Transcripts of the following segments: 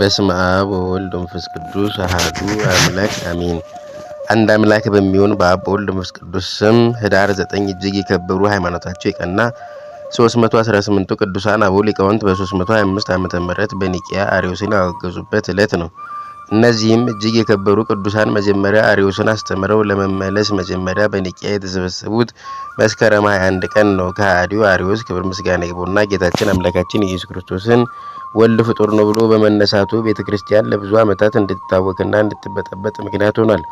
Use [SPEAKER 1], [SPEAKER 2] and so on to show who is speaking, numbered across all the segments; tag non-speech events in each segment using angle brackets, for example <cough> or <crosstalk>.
[SPEAKER 1] በስመ አብ ወወልድ ወመንፈስ ቅዱስ አሐዱ አምላክ አሜን። አንድ አምላክ በሚሆን በአብ በወልድ መንፈስ ቅዱስ ስም ህዳር ዘጠኝ እጅግ የከበሩ ሃይማኖታቸው የቀና 318ቱ ቅዱሳን አበው ሊቃውንት በ325 ዓመተ ምህረት በኒቂያ አርዮስን ያወገዙበት ዕለት ነው። እነዚህም እጅግ የከበሩ ቅዱሳን መጀመሪያ አሪዮስን አስተምረው ለመመለስ መጀመሪያ በኒቅያ የተሰበሰቡት መስከረም 21 ቀን ነው። ከሃዲው አርዮስ ክብር ምስጋና ይግባውና ጌታችን አምላካችን ኢየሱስ ክርስቶስን ወልድ ፍጡር ነው ብሎ በመነሳቱ ቤተ ክርስቲያን ለብዙ ዓመታት እንድትታወቅና እንድትበጠበጥ ምክንያት ሆኗል።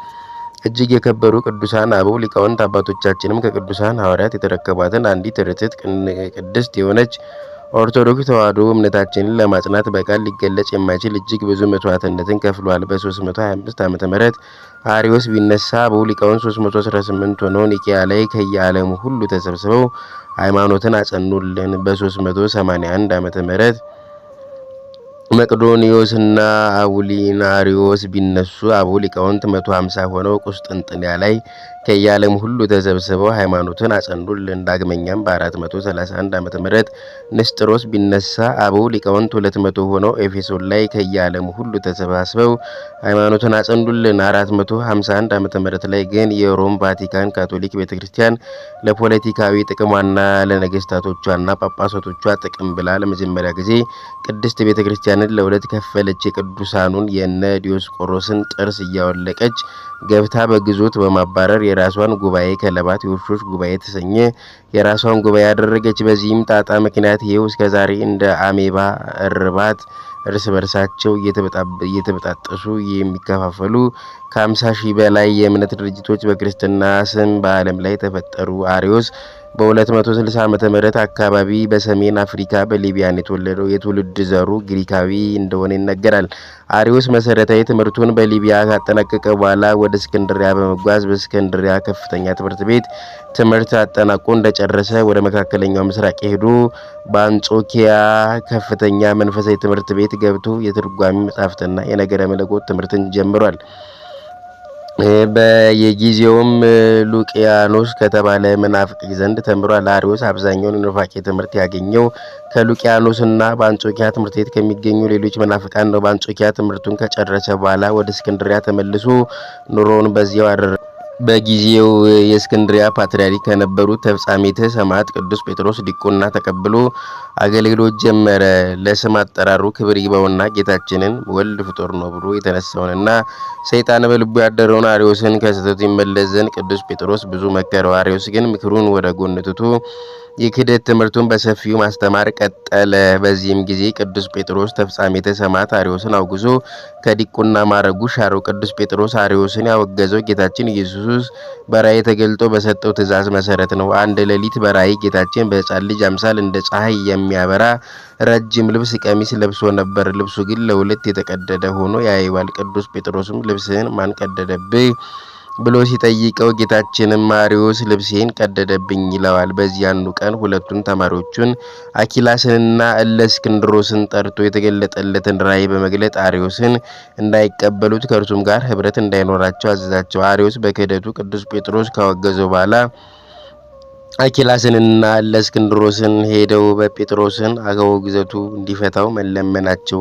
[SPEAKER 1] እጅግ የከበሩ ቅዱሳን አበው ሊቃውንት አባቶቻችንም ከቅዱሳን ሐዋርያት የተረከቧትን አንዲት ርትዕት ቅድስት የሆነች ኦርቶዶክስ ተዋሕዶ እምነታችንን ለማጽናት በቃል ሊገለጽ የማይችል እጅግ ብዙ መስዋዕትነትን ከፍሏል። በ325 ዓ ም አሪዎስ ቢነሳ አበው ሊቃውንት 318 ሆነው ኒቅያ ላይ ከየዓለሙ ሁሉ ተሰብስበው ሃይማኖትን አጸኑልን። በ381 ዓ ም መቅዶኒዎስና አቡሊናሪዮስ ቢነሱ አበው ሊቃውንት 150 ሆነው ቁስጥንጥንያ ላይ ከየዓለም ሁሉ ተሰብስበው ሃይማኖትን አጸኑልን። ዳግመኛም በ431 ዓመተ ምህረት ንስጥሮስ ቢነሳ አበው ሊቃውንት 200 ሆነው ኤፌሶን ላይ ከየዓለም ሁሉ ተሰባስበው ሃይማኖትን አጸኑልን። 451 ዓመተ ምህረት ላይ ግን የሮም ቫቲካን ካቶሊክ ቤተክርስቲያን ለፖለቲካዊ ጥቅሟና ለነገስታቶቿና ጳጳሳቶቿ ጥቅም ብላ ለመጀመሪያ ጊዜ ቅድስት ቤተክርስቲያንን ለሁለት ከፈለች። የቅዱሳኑን የነ ዲዮስቆሮስን ጥርስ እያወለቀች ገብታ በግዞት በማባረር የራሷን ጉባኤ ከለባት የውሾች ጉባኤ ተሰኘ የራሷን ጉባኤ ያደረገች። በዚህም ጣጣ ምክንያት ይኸው እስከዛሬ እንደ አሜባ እርባት እርስ በርሳቸው እየተበጣጠሱ የሚከፋፈሉ ከ50 ሺህ በላይ የእምነት ድርጅቶች በክርስትና ስም በዓለም ላይ ተፈጠሩ። አሪዮስ በ260 ዓ ም አካባቢ በሰሜን አፍሪካ በሊቢያን የተወለደው የትውልድ ዘሩ ግሪካዊ እንደሆነ ይነገራል። አሪዎስ መሰረታዊ ትምህርቱን በሊቢያ ካጠናቀቀ በኋላ ወደ እስክንድሪያ በመጓዝ በእስክንድሪያ ከፍተኛ ትምህርት ቤት ትምህርት አጠናቆ እንደጨረሰ ወደ መካከለኛው ምስራቅ ሄዶ በአንጾኪያ ከፍተኛ መንፈሳዊ ትምህርት ቤት ገብቶ የትርጓሚ መጻሕፍትና የነገረ መለኮት ትምህርትን ጀምሯል። በየጊዜውም ሉቅያኖስ ከተባለ መናፍቅ ዘንድ ተምሯል። አርዮስ አብዛኛውን የኑፋቄ ትምህርት ያገኘው ከሉቅያኖስና በአንጾኪያ ትምህርት ቤት ከሚገኙ ሌሎች መናፍቃን ነው። በአንጾኪያ ትምህርቱን ከጨረሰ በኋላ ወደ እስክንድሪያ ተመልሶ ኑሮውን በዚያው አደረ በጊዜው የእስክንድሪያ ፓትርያርክ ከነበሩት ተፍጻሜተ ሰማዕት ቅዱስ ጴጥሮስ ዲቁና ተቀብሎ አገልግሎት ጀመረ። ለስም አጠራሩ ክብር ይግባውና ጌታችንን ወልድ ፍጡር ነው ብሎ የተነሳውንና ሰይጣን በልቡ ያደረውን አሪዎስን ከስህተቱ ይመለስ ዘንድ ቅዱስ ጴጥሮስ ብዙ መከረው። አሪዎስ ግን ምክሩን ወደ ጎን ትቶ የክህደት ትምህርቱን በሰፊው ማስተማር ቀጠለ። በዚህም ጊዜ ቅዱስ ጴጥሮስ ተፍጻሜተ ሰማዕት አሪዎስን አውግዞ ከዲቁና ማረጉ ሻረው። ቅዱስ ጴጥሮስ አሪዎስን ያወገዘው ጌታችን ኢየሱስ ኢየሱስ በራእይ ተገልጦ በሰጠው ትእዛዝ መሰረት ነው። አንድ ሌሊት በራእይ ጌታችን በሕፃን ልጅ አምሳል እንደ ፀሐይ የሚያበራ ረጅም ልብስ ቀሚስ ለብሶ ነበር። ልብሱ ግን ለሁለት የተቀደደ ሆኖ ያይባል። ቅዱስ ጴጥሮስም ልብስህን ማን ቀደደብህ? ብሎ ሲጠይቀው ጌታችንም ማሪዎስ ልብሴን ቀደደብኝ ይለዋል። በዚህ አንዱ ቀን ሁለቱን ተማሪዎቹን አኪላስንና እለእስክንድሮስን ጠርቶ የተገለጠለትን ራእይ በመግለጥ አሪዎስን እንዳይቀበሉት ከእርሱም ጋር ህብረት እንዳይኖራቸው አዘዛቸው። አሪዎስ በክህደቱ ቅዱስ ጴጥሮስ ካወገዘው በኋላ አኪላስንና እለእስክንድሮስን ሄደው በጴጥሮስን አገው ግዘቱ እንዲፈታው መለመናቸው።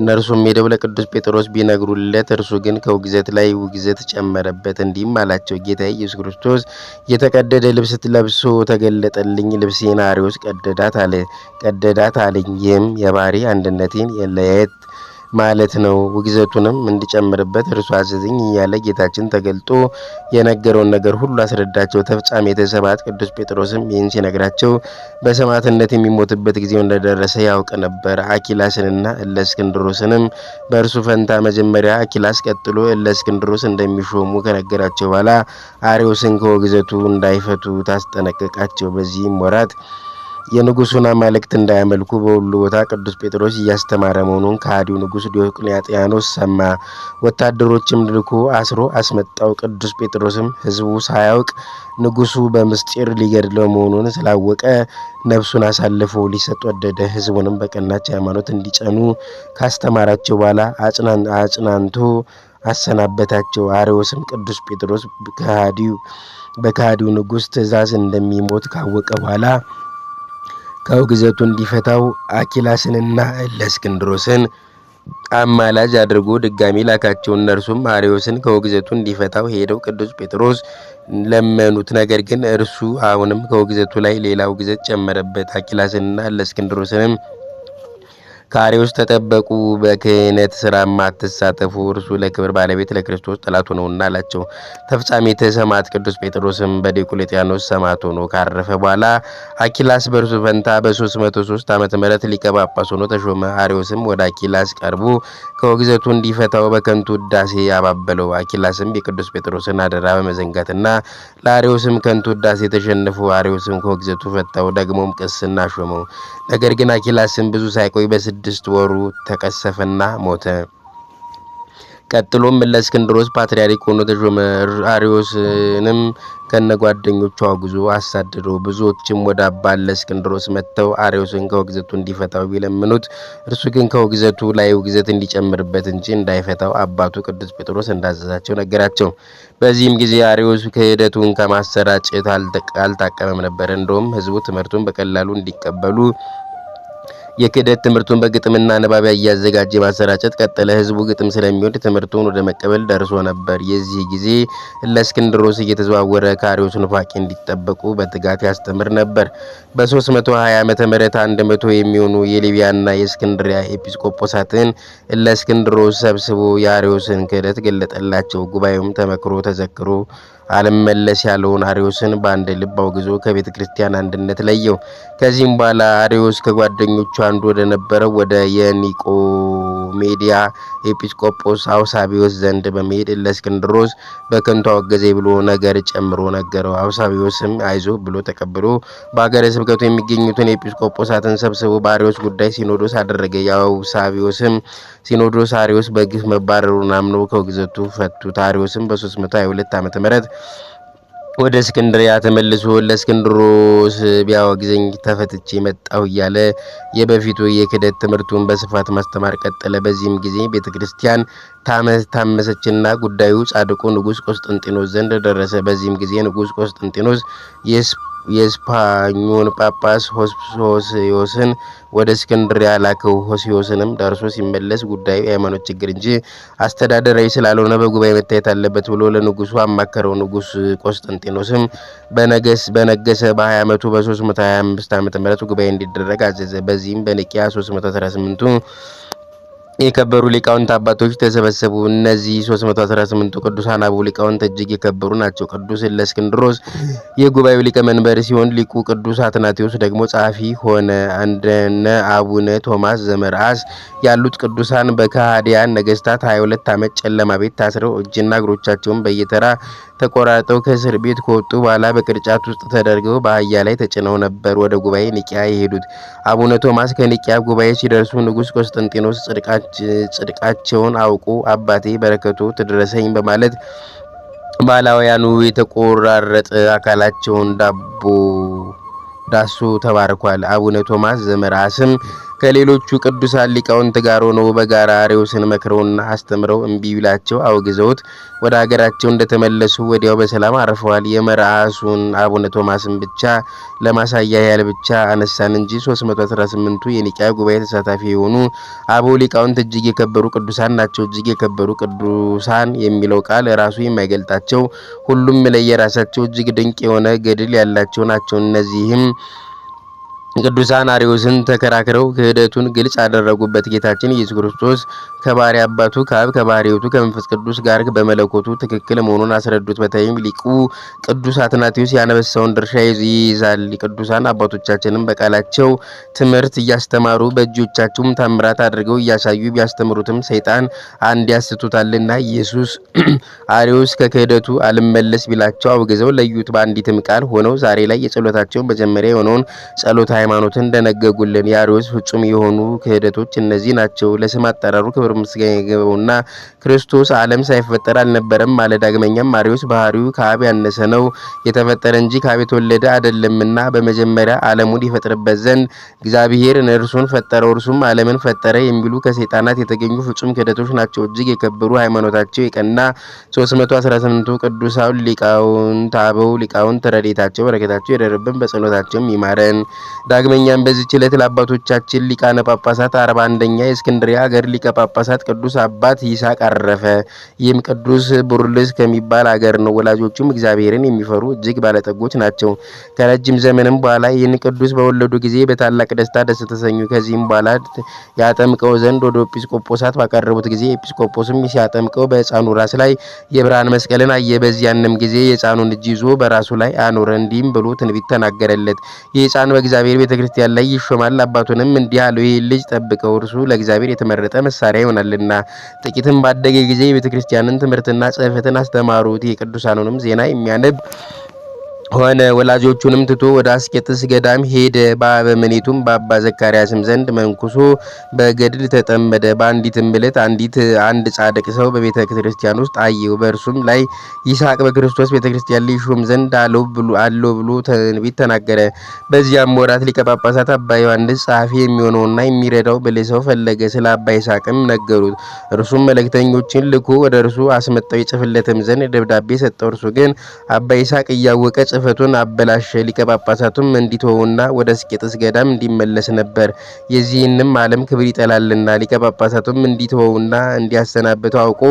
[SPEAKER 1] እነርሱም ሄደው ለቅዱስ ጴጥሮስ ቢነግሩለት፣ እርሱ ግን ከውግዘት ላይ ውግዘት ጨመረበት። እንዲህም አላቸው፣ ጌታ ኢየሱስ ክርስቶስ የተቀደደ ልብስ ለብሶ ተገለጠልኝ። ልብሴን አርዮስ ቀደዳት አለ ቀደዳት አለኝ። ይህም የባህሪ አንድነቴን የለየት ማለት ነው። ውግዘቱንም እንዲጨምርበት እርሱ አዘዝኝ እያለ ጌታችን ተገልጦ የነገረውን ነገር ሁሉ አስረዳቸው። ተፍጻሚ የተሰባት ቅዱስ ጴጥሮስም ይህን ሲነግራቸው በሰማዕትነት የሚሞትበት ጊዜው እንደደረሰ ያውቅ ነበር። አኪላስንና እለእስክንድሮስንም በእርሱ ፈንታ መጀመሪያ አኪላስ፣ ቀጥሎ እለእስክንድሮስ እንደሚሾሙ ከነገራቸው በኋላ አርዮስን ከውግዘቱ እንዳይፈቱ ታስጠነቀቃቸው። በዚህም ወራት የንጉሱን አማልክት እንዳያመልኩ በሁሉ ቦታ ቅዱስ ጴጥሮስ እያስተማረ መሆኑን ከሃዲው ንጉስ ዲዮቅልጥያኖስ ሰማ። ወታደሮችም ልኮ አስሮ አስመጣው። ቅዱስ ጴጥሮስም ህዝቡ ሳያውቅ ንጉሱ በምስጢር ሊገድለው መሆኑን ስላወቀ ነፍሱን አሳልፎ ሊሰጥ ወደደ። ህዝቡንም በቀናች ሃይማኖት እንዲጸኑ ካስተማራቸው በኋላ አጽናንቶ አሰናበታቸው። አርዮስም ቅዱስ ጴጥሮስ ከሃዲው በከሃዲው ንጉሥ ትእዛዝ እንደሚሞት ካወቀ በኋላ ጠብቀው ከውግዘቱ እንዲፈታው አኪላስንና እለእስክንድሮስን አማላጅ አድርጎ ድጋሚ ላካቸው። እነርሱም አርዮስን ከውግዘቱ እንዲፈታው ሄደው ቅዱስ ጴጥሮስ ለመኑት። ነገር ግን እርሱ አሁንም ከውግዘቱ ላይ ሌላ ውግዘት ጨመረበት። አኪላስንና እለእስክንድሮስንም ካሪዎች ተጠበቁ፣ በክህነት ስራ ማትሳተፉ፣ እርሱ ለክብር ባለቤት ለክርስቶስ ጠላት ነውና አላቸው። ተፍጻሜተ ሰማዕት ቅዱስ ጴጥሮስም በዲዮቅልጥያኖስ ሰማዕት ሆኖ ካረፈ በኋላ አኪላስ በእርሱ ፈንታ በ303 ዓመተ ምህረት ሊቀ ጳጳስ ሆኖ ተሾመ። አሪዎስም ወደ አኪላስ ቀርቦ ከወግዘቱ እንዲፈታው በከንቱ ውዳሴ ያባበለው። አኪላስም የቅዱስ ጴጥሮስን አደራ በመዘንጋትና ለአሪዎስም ከንቱ ውዳሴ ተሸንፎ አሪዎስም ከወግዘቱ ፈታው። ደግሞም ቅስና ሾመው። ነገር ግን አኪላስም ብዙ ሳይቆይ በስድ በስድስት ወሩ ተቀሰፈና ሞተ። ቀጥሎም ለእስክንድሮስ ፓትርያርክ ሆኖ ተሾመ። አርዮስንም ከነጓደኞቹ አውግዞ አሳደደው። ብዙዎችም ወደ አባ እለእስክንድሮስ መጥተው አርዮስን ከውግዘቱ እንዲፈታው ቢለምኑት እርሱ ግን ከውግዘቱ ላይ ውግዘት እንዲጨምርበት እንጂ እንዳይፈታው አባቱ ቅዱስ ጴጥሮስ እንዳዘዛቸው ነገራቸው። በዚህም ጊዜ አርዮስ ክህደቱን ከማሰራጨት አልታቀበም ነበር። እንደውም ሕዝቡ ትምህርቱን በቀላሉ እንዲቀበሉ የክህደት ትምህርቱን በግጥምና ንባቢያ እያዘጋጀ ማሰራጨት ቀጠለ። ህዝቡ ግጥም ስለሚወድ ትምህርቱን ወደ መቀበል ደርሶ ነበር። የዚህ ጊዜ ለእስክንድሮስ እየተዘዋወረ ካሪዎች ኑፋቄ እንዲጠበቁ በትጋት ያስተምር ነበር። በ320 ዓመተ ምህረት 100 የሚሆኑ የሊቢያና የእስክንድሪያ ኤጲስቆጶሳትን ለእስክንድሮስ ሰብስቦ የአሪዎስን ክህደት ገለጠላቸው። ጉባኤውም ተመክሮ ተዘክሮ አልመለስ ያለውን አሪዮስን በአንድ ልብ አውግዞ ከቤተ ክርስቲያን አንድነት ለየው። ከዚህም በኋላ አሪዮስ ከጓደኞቹ አንዱ ወደ ነበረው ወደ የኒቆሜዲያ ኤጲስቆጶስ አውሳቢዎስ ዘንድ በመሄድ ለእስክንድሮስ በከንቱ አወገዜ ብሎ ነገር ጨምሮ ነገረው። አውሳቢዎስም አይዞ ብሎ ተቀብሎ በሀገረ ስብከቱ የሚገኙትን ኤጲስቆጶሳትን ሰብስቦ በአሪዮስ ጉዳይ ሲኖዶስ አደረገ። የአውሳቢዎስም ሲኖዶስ አሪዮስ በግፍ መባረሩን አምኖ ከውግዘቱ ፈቱት። አሪዮስም በ322 ዓ ም ወደ እስክንድሪያ ተመልሶ ለእስክንድሮስ ቢያወግዘኝ ተፈትቼ መጣሁ እያለ የበፊቱ የክደት ትምህርቱን በስፋት ማስተማር ቀጠለ። በዚህም ጊዜ ቤተ ክርስቲያን ታመሰችና ጉዳዩ ጻድቁ ንጉሥ ቆስጠንጢኖስ ዘንድ ደረሰ። በዚህም ጊዜ ንጉሥ ቆስጠንጢኖስ የስፓኙን ጳጳስ ሆስዮስን ወደ እስክንድሪያ ላከው። ሆስዮስንም ደርሶ ሲመለስ ጉዳዩ የሃይማኖት ችግር እንጂ አስተዳደራዊ ስላልሆነ በጉባኤ መታየት አለበት ብሎ ለንጉሱ አማከረው። ንጉስ ቆስጠንጢኖስም በነገስ በነገሰ በ20 ዓመቱ በ325 ዓ ም ጉባኤ እንዲደረግ አዘዘ። በዚህም በንቅያ 318ቱ የከበሩ ሊቃውንት አባቶች ተሰበሰቡ። እነዚህ 318ቱ ቅዱሳን አበው ሊቃውንት እጅግ የከበሩ ናቸው። ቅዱስ እለእስክንድሮስ የጉባኤው ሊቀ መንበር ሲሆን ሊቁ ቅዱስ አትናቴዎስ ደግሞ ጸሐፊ ሆነ። እንደነ አቡነ ቶማስ ዘመርአስ ያሉት ቅዱሳን በከሃዲያን ነገስታት 22 ዓመት ጨለማ ቤት ታስረው እጅና እግሮቻቸውን በየተራ ተቆራርጠው ከእስር ቤት ከወጡ በኋላ በቅርጫት ውስጥ ተደርገው በአህያ ላይ ተጭነው ነበር ወደ ጉባኤ ኒቂያ የሄዱት። አቡነ ቶማስ ከኒቂያ ጉባኤ ሲደርሱ ንጉሥ ቆስጠንጢኖስ ጽድቃቸው ጽድቃቸውን አውቁ አባቴ በረከቱ ትድረሰኝ በማለት ባላውያኑ የተቆራረጠ አካላቸውን ዳቦ ዳሱ ተባርኳል። አቡነ ቶማስ ዘመራስም ከሌሎቹ ቅዱሳን ሊቃውንት ጋር ሆነው በጋራ አሬውስን መክረውና አስተምረው እምቢ ቢላቸው አውግዘውት ወደ አገራቸው እንደተመለሱ ወዲያው በሰላም አርፈዋል። የመርዓሱን አቡነ ቶማስን ብቻ ለማሳያ ያህል ብቻ አነሳን እንጂ 318ቱ የኒቂያ ጉባኤ ተሳታፊ የሆኑ አበው ሊቃውንት እጅግ የከበሩ ቅዱሳን ናቸው። እጅግ የከበሩ ቅዱሳን የሚለው ቃል ራሱ የማይገልጣቸው ሁሉም ለየራሳቸው እጅግ ድንቅ የሆነ ገድል ያላቸው ናቸው። እነዚህም ቅዱሳን አሪዮስን ተከራክረው ክህደቱን ግልጽ ያደረጉበት ጌታችን ኢየሱስ ክርስቶስ ከባሕርይ አባቱ ከአብ ከባሕርይ ሕይወቱ ከመንፈስ ቅዱስ ጋር በመለኮቱ ትክክል መሆኑን አስረዱት። በተለይም ሊቁ ቅዱስ አትናቴዎስ ያነበሳውን ድርሻ ይይዛል። ቅዱሳን አባቶቻችንም በቃላቸው ትምህርት እያስተማሩ በእጆቻቸውም ታምራት አድርገው እያሳዩ ቢያስተምሩትም ሰይጣን አንድ ያስቱታልና ኢየሱስ <clears throat> አርዮስ ከክህደቱ አልመለስ ቢላቸው አውግዘው ለዩት። በአንዲትም ቃል ሆነው ዛሬ ላይ የጸሎታቸውን መጀመሪያ የሆነውን ጸሎታ ሃይማኖት እንደነገጉልን የአርዮስ ፍጹም የሆኑ ክህደቶች እነዚህ ናቸው። ለስም አጠራሩ ክብር ምስጋና ይገባውና ክርስቶስ ዓለም ሳይፈጠር አልነበረም አለ። ዳግመኛም አርዮስ ባህሪው ከአብ ያነሰ ነው፣ የተፈጠረ እንጂ ከአብ የተወለደ አይደለምና በመጀመሪያ ዓለሙን ይፈጥርበት ዘንድ እግዚአብሔር እርሱን ፈጠረው፣ እርሱም ዓለምን ፈጠረ የሚሉ ከሰይጣናት የተገኙ ፍጹም ክህደቶች ናቸው። እጅግ የከበሩ ሃይማኖታቸው የቀና 318ቱ ቅዱሳን ሊቃውንት አበው ሊቃውንት ረድኤታቸው በረከታቸው ይደርብን፣ በጸሎታቸውም ይማረን። ዳግመኛም በዚች ዕለት ለአባቶቻችን ሊቃነ ጳጳሳት አርባ አንደኛ የእስክንድርያ ሀገር ሊቀ ጳጳሳት ቅዱስ አባት ይሳቅ አረፈ። ይህም ቅዱስ ቡርልስ ከሚባል አገር ነው። ወላጆቹም እግዚአብሔርን የሚፈሩ እጅግ ባለጠጎች ናቸው። ከረጅም ዘመንም በኋላ ይህን ቅዱስ በወለዱ ጊዜ በታላቅ ደስታ ደስ ተሰኙ። ከዚህም በኋላ ያጠምቀው ዘንድ ወደ ኤጲስቆጶሳት ባቀረቡት ጊዜ ኤጲስቆጶስም ሲያጠምቀው በሕፃኑ ራስ ላይ የብርሃን መስቀልን አየ። በዚያንም ጊዜ የሕፃኑን እጅ ይዞ በራሱ ላይ አኖረ። እንዲህም ብሎ ትንቢት ተናገረለት ይህ ሕፃን በእግዚአብሔር ቤተ ክርስቲያን ላይ ይሾማል። አባቱንም እንዲህ አለው፣ ይህ ልጅ ጠብቀው፣ እርሱ ለእግዚአብሔር የተመረጠ መሳሪያ ይሆናልና። ጥቂትም ባደገ ጊዜ የቤተ ክርስቲያንን ትምህርትና ጽሕፈትን አስተማሩት። የቅዱሳኑንም ዜና የሚያነብ ሆነ ወላጆቹንም ትቶ ወደ አስቄጥስ ገዳም ሄደ። በአበምኔቱም በአባ ዘካርያስም ዘንድ መንኩሶ በገድል ተጠመደ። በአንዲትም ዕለት አንዲት አንድ ጻድቅ ሰው በቤተ ክርስቲያን ውስጥ አየው። በእርሱም ላይ ይስሐቅ በክርስቶስ ቤተ ክርስቲያን ሊሾም ዘንድ አለው ብሎ ትንቢት ተናገረ። በዚያም ወራት ሊቀ ጳጳሳት አባ ዮሐንስ ጸሐፊ የሚሆነውና የሚረዳው ብልህ ሰው ፈለገ። ስለ አባ ይስሐቅም ነገሩት። እርሱም መልእክተኞችን ልኮ ወደ እርሱ አስመጣው ይጽፍለትም ዘንድ ደብዳቤ ሰጠው። እርሱ ግን አባ ይስሐቅ እያወቀ ጽሕፈቱን አበላሸ። ሊቀ ጳጳሳቱም እንዲተውና ወደ አስቄጥስ ገዳም እንዲመለስ ነበር። የዚህንም ዓለም ክብር ይጠላልና። ሊቀ ጳጳሳቱም እንዲተወውና እንዲያሰናብተው አውቆ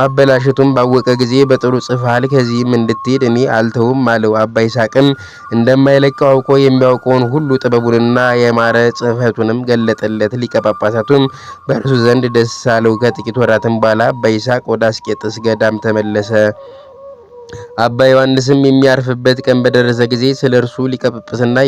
[SPEAKER 1] ማበላሸቱን ባወቀ ጊዜ በጥሩ ጽፋል ከዚህም እንድትሄድ እኔ አልተውም አለው። አባ ይስሐቅም እንደማይለቀው አውቆ የሚያውቀውን ሁሉ ጥበቡንና የማረ ጽሕፈቱንም ገለጠለት። ሊቀ ጳጳሳቱም በእርሱ ዘንድ ደስ አለው። ከጥቂት ወራትም በኋላ አባ ይስሐቅ ወደ አስቄጥስ ገዳም ተመለሰ። አባ ዮሐንስም የሚያርፍበት ቀን በደረሰ ጊዜ ስለ እርሱ ሊቀ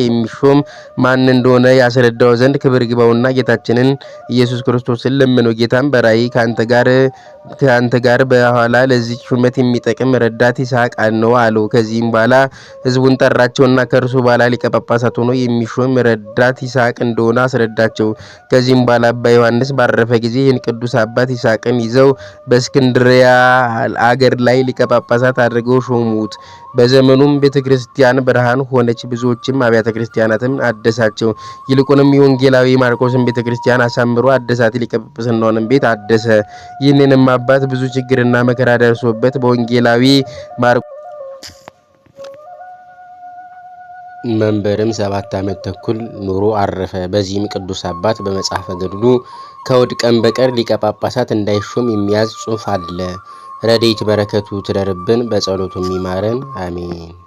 [SPEAKER 1] የሚሾም ማን እንደሆነ ያስረዳው ዘንድ ክብር ግባውና ጌታችንን ኢየሱስ ክርስቶስን ለምነው። ጌታም በራእይ ከአንተ ጋር በኋላ ለዚህ ሹመት የሚጠቅም ረዳት ይስሐቅ ነው አለው። ከዚህም በኋላ ህዝቡን ጠራቸውና ከእርሱ በኋላ ሊቀ ጳጳሳት ሆኖ የሚሾም ረዳት ይስሐቅ እንደሆነ አስረዳቸው። ከዚህም በኋላ አባ ዮሐንስ ባረፈ ጊዜ ይህን ቅዱስ አባት ይስሐቅን ይዘው በእስክንድሪያ አገር ላይ ሊቀ ጳጳሳት አድርገው አድርገው ሾሙት። በዘመኑም ቤተ ክርስቲያን ብርሃን ሆነች፣ ብዙዎችም አብያተ ክርስቲያናትን አደሳቸው። ይልቁንም የወንጌላዊ ማርቆስን ቤተ ክርስቲያን አሳምሮ አደሳት። ሊቀ ጵጵስናውንም ቤት አደሰ። ይህንንም አባት ብዙ ችግርና መከራ ደርሶበት በወንጌላዊ ማርቆስ መንበርም ሰባት ዓመት ተኩል ኑሮ አረፈ። በዚህም ቅዱስ አባት በመጽሐፈ ገድሉ ከውድቀን ቀን በቀር ሊቀ ጳጳሳት እንዳይሾም የሚያዝ ጽሑፍ አለ። ረዴት በረከቱ ትደርብን፣ በጸሎቱ የሚማረን አሜን።